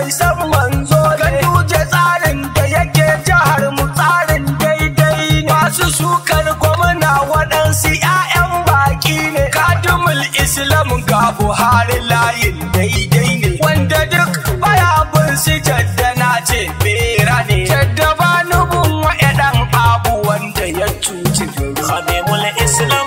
mai san manzo ne duje tsarin da yake jihar mu tsarin daidai ne masu sukar gwamna waɗansu 'ya'yan baki ne kadimul islam ga buhari layin daidai ne wanda duk baya bin su jadda na ce bera ne jadda ba nubun abu wanda ya cuci Habibul Islam